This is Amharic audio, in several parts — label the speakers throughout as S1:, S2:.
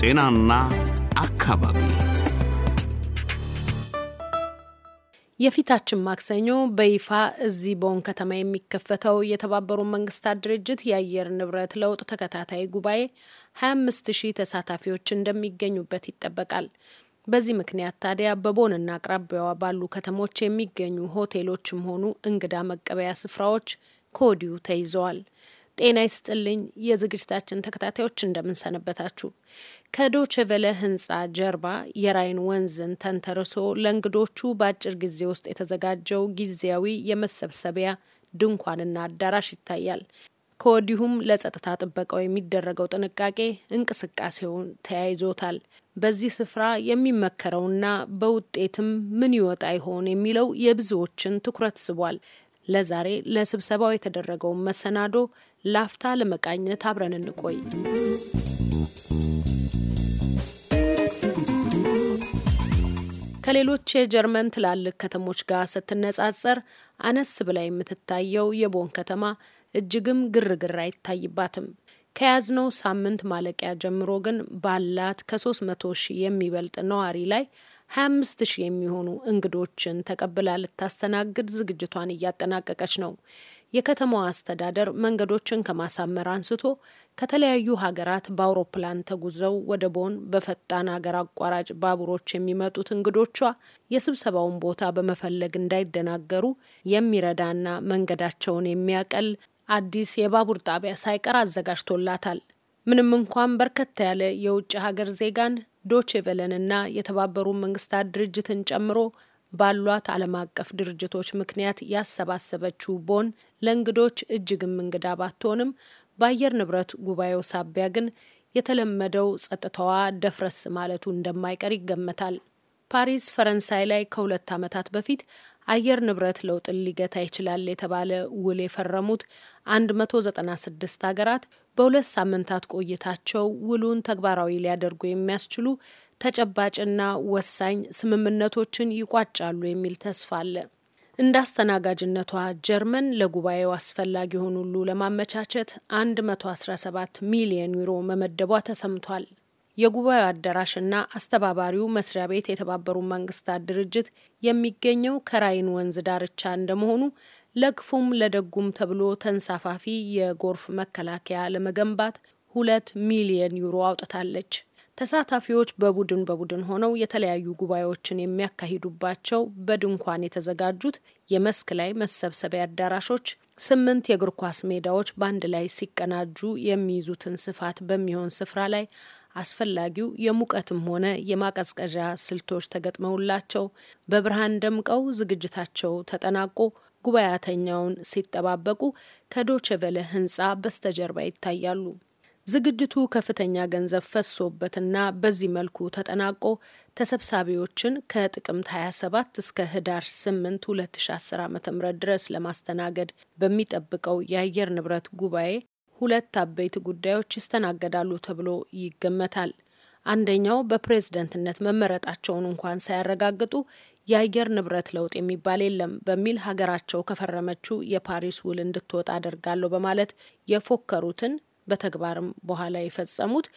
S1: ጤናና አካባቢ የፊታችን ማክሰኞ በይፋ እዚህ ቦን ከተማ የሚከፈተው የተባበሩ መንግስታት ድርጅት የአየር ንብረት ለውጥ ተከታታይ ጉባኤ 25 ሺህ ተሳታፊዎች እንደሚገኙበት ይጠበቃል። በዚህ ምክንያት ታዲያ በቦንና አቅራቢያዋ ባሉ ከተሞች የሚገኙ ሆቴሎችም ሆኑ እንግዳ መቀበያ ስፍራዎች ከወዲሁ ተይዘዋል። ጤና ይስጥልኝ የዝግጅታችን ተከታታዮች እንደምንሰነበታችሁ። ከዶችቨለ ህንጻ ጀርባ የራይን ወንዝን ተንተርሶ ለእንግዶቹ በአጭር ጊዜ ውስጥ የተዘጋጀው ጊዜያዊ የመሰብሰቢያ ድንኳንና አዳራሽ ይታያል። ከወዲሁም ለጸጥታ ጥበቃው የሚደረገው ጥንቃቄ እንቅስቃሴውን ተያይዞታል። በዚህ ስፍራ የሚመከረውና በውጤትም ምን ይወጣ ይሆን የሚለው የብዙዎችን ትኩረት ስቧል። ለዛሬ ለስብሰባው የተደረገውን መሰናዶ ላፍታ ለመቃኘት አብረን እንቆይ። ከሌሎች የጀርመን ትላልቅ ከተሞች ጋር ስትነጻጸር አነስ ብላ የምትታየው የቦን ከተማ እጅግም ግርግር አይታይባትም። ከያዝነው ሳምንት ማለቂያ ጀምሮ ግን ባላት ከ300 ሺህ የሚበልጥ ነዋሪ ላይ 25 ሺህ የሚሆኑ እንግዶችን ተቀብላ ልታስተናግድ ዝግጅቷን እያጠናቀቀች ነው። የከተማዋ አስተዳደር መንገዶችን ከማሳመር አንስቶ ከተለያዩ ሀገራት በአውሮፕላን ተጉዘው ወደ ቦን በፈጣን ሀገር አቋራጭ ባቡሮች የሚመጡት እንግዶቿ የስብሰባውን ቦታ በመፈለግ እንዳይደናገሩ የሚረዳና መንገዳቸውን የሚያቀል አዲስ የባቡር ጣቢያ ሳይቀር አዘጋጅቶላታል። ምንም እንኳን በርከት ያለ የውጭ ሀገር ዜጋን ዶቼ ቬለንና የተባበሩ መንግስታት ድርጅትን ጨምሮ ባሏት ዓለም አቀፍ ድርጅቶች ምክንያት ያሰባሰበችው ቦን ለእንግዶች እጅግም እንግዳ ባትሆንም በአየር ንብረት ጉባኤው ሳቢያ ግን የተለመደው ጸጥታዋ ደፍረስ ማለቱ እንደማይቀር ይገመታል። ፓሪስ ፈረንሳይ ላይ ከሁለት ዓመታት በፊት አየር ንብረት ለውጥን ሊገታ ይችላል የተባለ ውል የፈረሙት 196 ሀገራት በሁለት ሳምንታት ቆይታቸው ውሉን ተግባራዊ ሊያደርጉ የሚያስችሉ ተጨባጭና ወሳኝ ስምምነቶችን ይቋጫሉ የሚል ተስፋ አለ። እንደ አስተናጋጅነቷ ጀርመን ለጉባኤው አስፈላጊውን ሁሉ ለማመቻቸት 117 ሚሊዮን ዩሮ መመደቧ ተሰምቷል። የጉባኤው አዳራሽና አስተባባሪው መስሪያ ቤት የተባበሩ መንግስታት ድርጅት የሚገኘው ከራይን ወንዝ ዳርቻ እንደመሆኑ ለክፉም ለደጉም ተብሎ ተንሳፋፊ የጎርፍ መከላከያ ለመገንባት ሁለት ሚሊየን ዩሮ አውጥታለች። ተሳታፊዎች በቡድን በቡድን ሆነው የተለያዩ ጉባኤዎችን የሚያካሂዱባቸው በድንኳን የተዘጋጁት የመስክ ላይ መሰብሰቢያ አዳራሾች ስምንት የእግር ኳስ ሜዳዎች በአንድ ላይ ሲቀናጁ የሚይዙትን ስፋት በሚሆን ስፍራ ላይ አስፈላጊው የሙቀትም ሆነ የማቀዝቀዣ ስልቶች ተገጥመውላቸው በብርሃን ደምቀው ዝግጅታቸው ተጠናቆ ጉባኤተኛውን ሲጠባበቁ ከዶቸቨለ ህንጻ በስተጀርባ ይታያሉ። ዝግጅቱ ከፍተኛ ገንዘብ ፈሶበትና በዚህ መልኩ ተጠናቆ ተሰብሳቢዎችን ከጥቅምት 27 እስከ ህዳር 8 2010 ዓ ም ድረስ ለማስተናገድ በሚጠብቀው የአየር ንብረት ጉባኤ ሁለት አበይት ጉዳዮች ይስተናገዳሉ ተብሎ ይገመታል። አንደኛው በፕሬዝደንትነት መመረጣቸውን እንኳን ሳያረጋግጡ የአየር ንብረት ለውጥ የሚባል የለም በሚል ሀገራቸው ከፈረመችው የፓሪስ ውል እንድትወጣ አደርጋለሁ በማለት የፎከሩትን በተግባርም በኋላ የፈጸሙት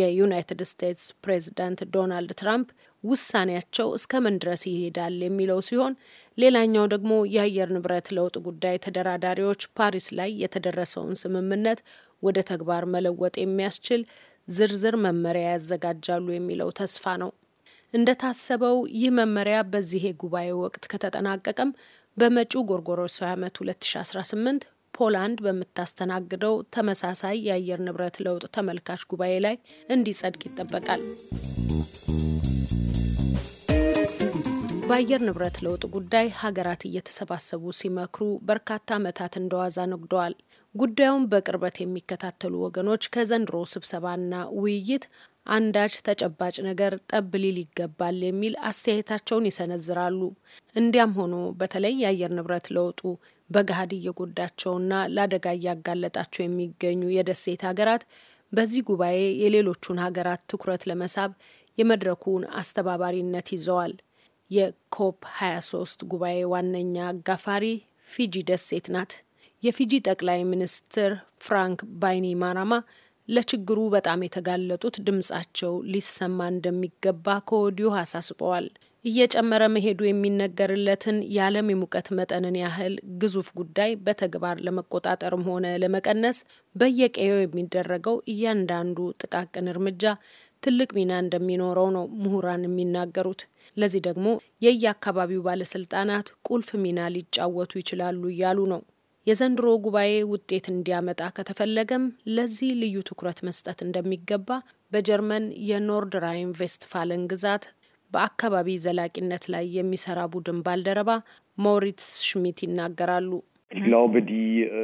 S1: የዩናይትድ ስቴትስ ፕሬዝዳንት ዶናልድ ትራምፕ ውሳኔያቸው እስከ ምን ድረስ ይሄዳል የሚለው ሲሆን ሌላኛው ደግሞ የአየር ንብረት ለውጥ ጉዳይ ተደራዳሪዎች ፓሪስ ላይ የተደረሰውን ስምምነት ወደ ተግባር መለወጥ የሚያስችል ዝርዝር መመሪያ ያዘጋጃሉ የሚለው ተስፋ ነው። እንደታሰበው ይህ መመሪያ በዚህ የጉባኤ ወቅት ከተጠናቀቀም በመጪው ጎርጎሮሳዊ ዓመት 2018 ፖላንድ በምታስተናግደው ተመሳሳይ የአየር ንብረት ለውጥ ተመልካች ጉባኤ ላይ እንዲጸድቅ ይጠበቃል። በአየር ንብረት ለውጥ ጉዳይ ሀገራት እየተሰባሰቡ ሲመክሩ በርካታ ዓመታት እንደዋዛ ነግደዋል። ጉዳዩን በቅርበት የሚከታተሉ ወገኖች ከዘንድሮ ስብሰባና ውይይት አንዳች ተጨባጭ ነገር ጠብ ሊል ይገባል የሚል አስተያየታቸውን ይሰነዝራሉ። እንዲያም ሆኖ በተለይ የአየር ንብረት ለውጡ በገሃድ እየጎዳቸውና ለአደጋ እያጋለጣቸው የሚገኙ የደሴት ሀገራት በዚህ ጉባኤ የሌሎቹን ሀገራት ትኩረት ለመሳብ የመድረኩን አስተባባሪነት ይዘዋል። የኮፕ 23 ጉባኤ ዋነኛ አጋፋሪ ፊጂ ደሴት ናት። የፊጂ ጠቅላይ ሚኒስትር ፍራንክ ባይኒ ማራማ ለችግሩ በጣም የተጋለጡት ድምጻቸው ሊሰማ እንደሚገባ ከወዲሁ አሳስበዋል። እየጨመረ መሄዱ የሚነገርለትን የዓለም የሙቀት መጠንን ያህል ግዙፍ ጉዳይ በተግባር ለመቆጣጠርም ሆነ ለመቀነስ በየቀየው የሚደረገው እያንዳንዱ ጥቃቅን እርምጃ ትልቅ ሚና እንደሚኖረው ነው ምሁራን የሚናገሩት። ለዚህ ደግሞ የየአካባቢው ባለስልጣናት ቁልፍ ሚና ሊጫወቱ ይችላሉ እያሉ ነው። የዘንድሮ ጉባኤ ውጤት እንዲያመጣ ከተፈለገም ለዚህ ልዩ ትኩረት መስጠት እንደሚገባ በጀርመን የኖርድ ራይን ቬስትፋለን ግዛት በአካባቢ ዘላቂነት ላይ የሚሰራ ቡድን ባልደረባ ሞሪትስ ሽሚት ይናገራሉ።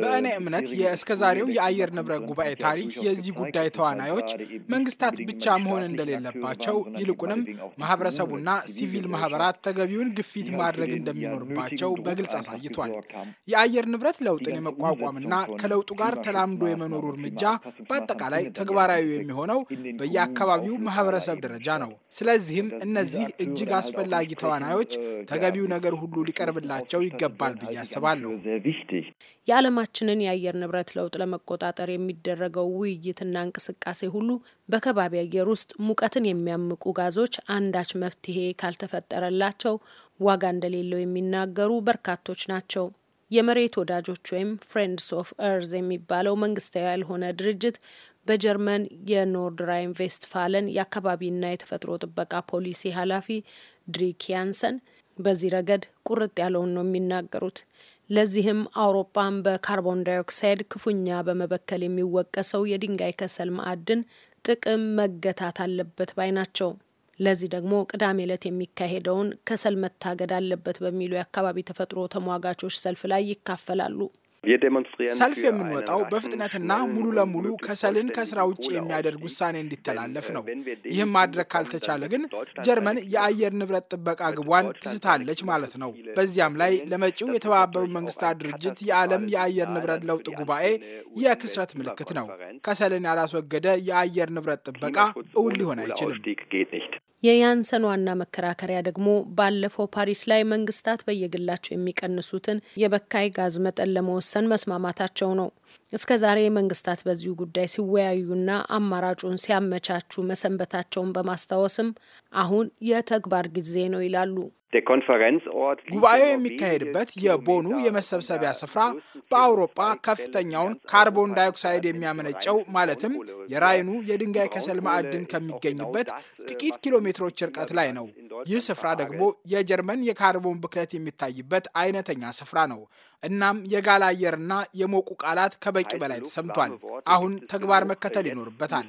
S1: በእኔ እምነት የእስከ ዛሬው
S2: የአየር ንብረት ጉባኤ ታሪክ የዚህ ጉዳይ ተዋናዮች መንግስታት ብቻ መሆን እንደሌለባቸው ይልቁንም ማህበረሰቡና ሲቪል ማህበራት ተገቢውን ግፊት ማድረግ እንደሚኖርባቸው በግልጽ አሳይቷል። የአየር ንብረት ለውጥን የመቋቋምና ከለውጡ ጋር ተላምዶ የመኖሩ እርምጃ በአጠቃላይ ተግባራዊ የሚሆነው በየአካባቢው ማህበረሰብ ደረጃ ነው። ስለዚህም እነዚህ እጅግ አስፈላጊ ተዋናዮች ተገቢው ነገር ሁሉ ሊቀርብላቸው ይገባል ብዬ አስባለሁ። wichtig.
S1: የዓለማችንን የአየር ንብረት ለውጥ ለመቆጣጠር የሚደረገው ውይይትና እንቅስቃሴ ሁሉ በከባቢ አየር ውስጥ ሙቀትን የሚያምቁ ጋዞች አንዳች መፍትሄ ካልተፈጠረላቸው ዋጋ እንደሌለው የሚናገሩ በርካቶች ናቸው። የመሬት ወዳጆች ወይም ፍሬንድስ ኦፍ ኤርዝ የሚባለው መንግስታዊ ያልሆነ ድርጅት በጀርመን የኖርድራይን ቬስትፋለን የአካባቢና የተፈጥሮ ጥበቃ ፖሊሲ ኃላፊ ድሪክ ያንሰን በዚህ ረገድ ቁርጥ ያለውን ነው የሚናገሩት። ለዚህም አውሮፓን በካርቦን ዳይኦክሳይድ ክፉኛ በመበከል የሚወቀሰው የድንጋይ ከሰል ማዕድን ጥቅም መገታት አለበት ባይ ናቸው። ለዚህ ደግሞ ቅዳሜ ዕለት የሚካሄደውን ከሰል መታገድ አለበት በሚሉ የአካባቢ ተፈጥሮ ተሟጋቾች ሰልፍ ላይ ይካፈላሉ።
S2: ሰልፍ የምንወጣው በፍጥነትና ሙሉ ለሙሉ ከሰልን ከስራ ውጭ የሚያደርግ ውሳኔ እንዲተላለፍ äh, ነው። ይህም ማድረግ ካልተቻለ ግን ጀርመን የአየር ንብረት ጥበቃ ግቧን ትስታለች ማለት ነው። በዚያም ላይ ለመጪው የተባበሩት መንግስታት ድርጅት የዓለም የአየር ንብረት ለውጥ ጉባኤ የክስረት ምልክት ነው። ከሰልን ያላስወገደ የአየር ንብረት ጥበቃ እውን ሊሆን አይችልም።
S1: የያንሰን ዋና መከራከሪያ ደግሞ ባለፈው ፓሪስ ላይ መንግስታት በየግላቸው የሚቀንሱትን የበካይ ጋዝ መጠን ለመወሰን መስማማታቸው ነው። እስከ ዛሬ መንግስታት በዚሁ ጉዳይ ሲወያዩና አማራጩን ሲያመቻቹ መሰንበታቸውን በማስታወስም አሁን የተግባር ጊዜ ነው ይላሉ።
S2: ጉባኤው የሚካሄድበት የቦኑ የመሰብሰቢያ ስፍራ በአውሮፓ ከፍተኛውን ካርቦን ዳይኦክሳይድ የሚያመነጨው ማለትም የራይኑ የድንጋይ ከሰል ማዕድን ከሚገኝበት ጥቂት ኪሎ ሜትሮች ርቀት ላይ ነው። ይህ ስፍራ ደግሞ የጀርመን የካርቦን ብክለት የሚታይበት አይነተኛ ስፍራ ነው። እናም የጋለ አየርና የሞቁ ቃላት ከበቂ በላይ ተሰምቷል። አሁን ተግባር መከተል ይኖርበታል።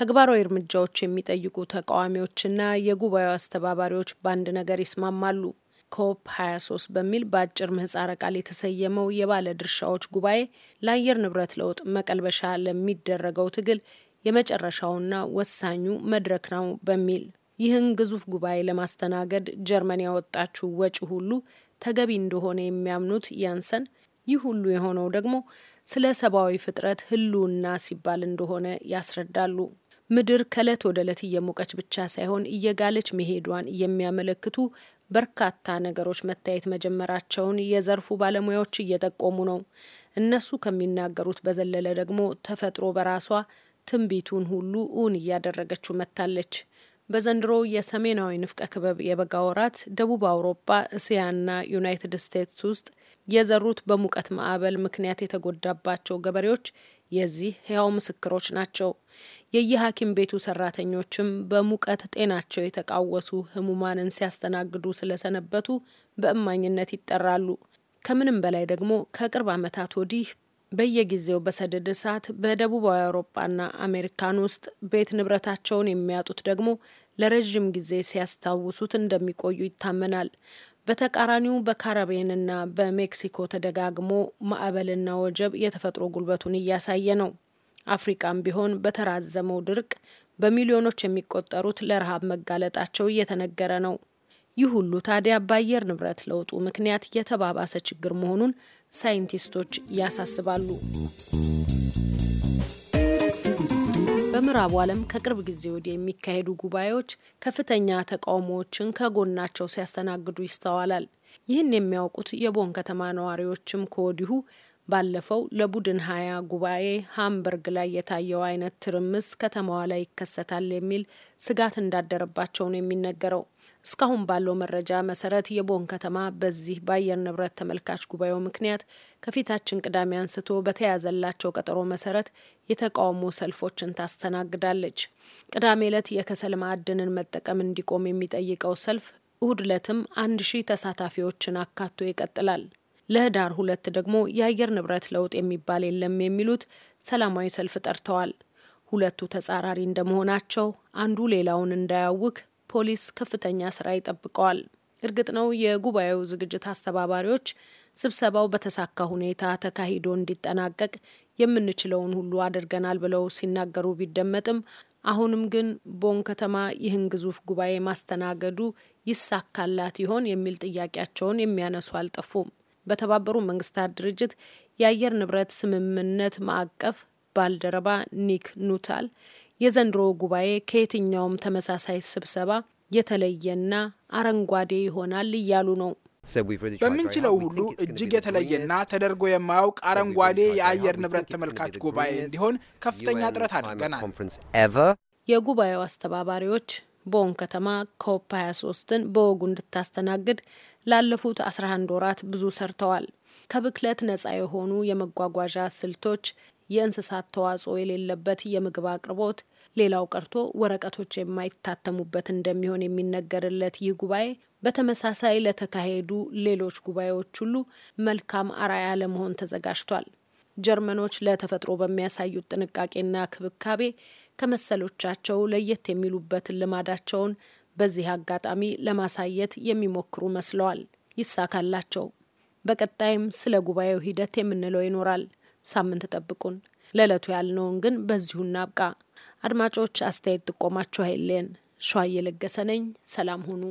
S1: ተግባራዊ እርምጃዎች የሚጠይቁ ተቃዋሚዎችና የጉባኤው አስተባባሪዎች በአንድ ነገር ይስማማሉ። ኮፕ 23 በሚል በአጭር ምህጻረ ቃል የተሰየመው የባለ ድርሻዎች ጉባኤ ለአየር ንብረት ለውጥ መቀልበሻ ለሚደረገው ትግል የመጨረሻውና ወሳኙ መድረክ ነው በሚል ይህን ግዙፍ ጉባኤ ለማስተናገድ ጀርመን ያወጣችው ወጪ ሁሉ ተገቢ እንደሆነ የሚያምኑት ያንሰን ይህ ሁሉ የሆነው ደግሞ ስለ ሰብአዊ ፍጥረት ህልውና ሲባል እንደሆነ ያስረዳሉ። ምድር ከእለት ወደ እለት እየሞቀች ብቻ ሳይሆን እየጋለች መሄዷን የሚያመለክቱ በርካታ ነገሮች መታየት መጀመራቸውን የዘርፉ ባለሙያዎች እየጠቆሙ ነው። እነሱ ከሚናገሩት በዘለለ ደግሞ ተፈጥሮ በራሷ ትንቢቱን ሁሉ እውን እያደረገችው መጥታለች። በዘንድሮ የሰሜናዊ ንፍቀ ክበብ የበጋ ወራት ደቡብ አውሮፓ፣ እስያና ዩናይትድ ስቴትስ ውስጥ የዘሩት በሙቀት ማዕበል ምክንያት የተጎዳባቸው ገበሬዎች የዚህ ሕያው ምስክሮች ናቸው። የየሐኪም ቤቱ ሰራተኞችም በሙቀት ጤናቸው የተቃወሱ ህሙማንን ሲያስተናግዱ ስለሰነበቱ በእማኝነት ይጠራሉ። ከምንም በላይ ደግሞ ከቅርብ ዓመታት ወዲህ በየጊዜው በሰደድ እሳት በደቡባዊ አውሮፓና አሜሪካን ውስጥ ቤት ንብረታቸውን የሚያጡት ደግሞ ለረዥም ጊዜ ሲያስታውሱት እንደሚቆዩ ይታመናል። በተቃራኒው በካረቤንና በሜክሲኮ ተደጋግሞ ማዕበልና ወጀብ የተፈጥሮ ጉልበቱን እያሳየ ነው። አፍሪቃም ቢሆን በተራዘመው ድርቅ በሚሊዮኖች የሚቆጠሩት ለረሃብ መጋለጣቸው እየተነገረ ነው። ይህ ሁሉ ታዲያ በአየር ንብረት ለውጡ ምክንያት የተባባሰ ችግር መሆኑን ሳይንቲስቶች ያሳስባሉ። በምዕራቡ ዓለም ከቅርብ ጊዜ ወዲህ የሚካሄዱ ጉባኤዎች ከፍተኛ ተቃውሞዎችን ከጎናቸው ሲያስተናግዱ ይስተዋላል። ይህን የሚያውቁት የቦን ከተማ ነዋሪዎችም ከወዲሁ ባለፈው ለቡድን ሀያ ጉባኤ ሃምበርግ ላይ የታየው አይነት ትርምስ ከተማዋ ላይ ይከሰታል የሚል ስጋት እንዳደረባቸው ነው የሚነገረው። እስካሁን ባለው መረጃ መሰረት የቦን ከተማ በዚህ በአየር ንብረት ተመልካች ጉባኤው ምክንያት ከፊታችን ቅዳሜ አንስቶ በተያዘላቸው ቀጠሮ መሰረት የተቃውሞ ሰልፎችን ታስተናግዳለች። ቅዳሜ ዕለት የከሰል ማዕድንን መጠቀም እንዲቆም የሚጠይቀው ሰልፍ እሁድ ዕለትም አንድ ሺህ ተሳታፊዎችን አካቶ ይቀጥላል። ለህዳር ሁለት ደግሞ የአየር ንብረት ለውጥ የሚባል የለም የሚሉት ሰላማዊ ሰልፍ ጠርተዋል። ሁለቱ ተጻራሪ እንደመሆናቸው አንዱ ሌላውን እንዳያውክ ፖሊስ ከፍተኛ ስራ ይጠብቀዋል። እርግጥ ነው የጉባኤው ዝግጅት አስተባባሪዎች ስብሰባው በተሳካ ሁኔታ ተካሂዶ እንዲጠናቀቅ የምንችለውን ሁሉ አድርገናል ብለው ሲናገሩ ቢደመጥም አሁንም ግን ቦን ከተማ ይህን ግዙፍ ጉባኤ ማስተናገዱ ይሳካላት ይሆን የሚል ጥያቄያቸውን የሚያነሱ አልጠፉም። በተባበሩ መንግስታት ድርጅት የአየር ንብረት ስምምነት ማዕቀፍ ባልደረባ ኒክ ኑታል የዘንድሮ ጉባኤ ከየትኛውም ተመሳሳይ ስብሰባ የተለየና አረንጓዴ ይሆናል እያሉ ነው።
S2: በምንችለው ሁሉ እጅግ የተለየና ተደርጎ የማያውቅ አረንጓዴ የአየር ንብረት ተመልካች ጉባኤ እንዲሆን ከፍተኛ ጥረት አድርገናል።
S1: የጉባኤው አስተባባሪዎች ቦን ከተማ ኮፕ 23ን በወጉ እንድታስተናግድ ላለፉት 11 ወራት ብዙ ሰርተዋል። ከብክለት ነጻ የሆኑ የመጓጓዣ ስልቶች፣ የእንስሳት ተዋጽኦ የሌለበት የምግብ አቅርቦት፣ ሌላው ቀርቶ ወረቀቶች የማይታተሙበት እንደሚሆን የሚነገርለት ይህ ጉባኤ በተመሳሳይ ለተካሄዱ ሌሎች ጉባኤዎች ሁሉ መልካም አራያ ለመሆን ተዘጋጅቷል። ጀርመኖች ለተፈጥሮ በሚያሳዩት ጥንቃቄና ክብካቤ ከመሰሎቻቸው ለየት የሚሉበትን ልማዳቸውን በዚህ አጋጣሚ ለማሳየት የሚሞክሩ መስለዋል። ይሳካላቸው። በቀጣይም ስለ ጉባኤው ሂደት የምንለው ይኖራል። ሳምንት ጠብቁን። ለዕለቱ ያልነውን ግን በዚሁ እናብቃ። አድማጮች፣ አስተያየት ጥቆማችሁ አይለየን። ሸዋ እየለገሰ ነኝ። ሰላም ሁኑ።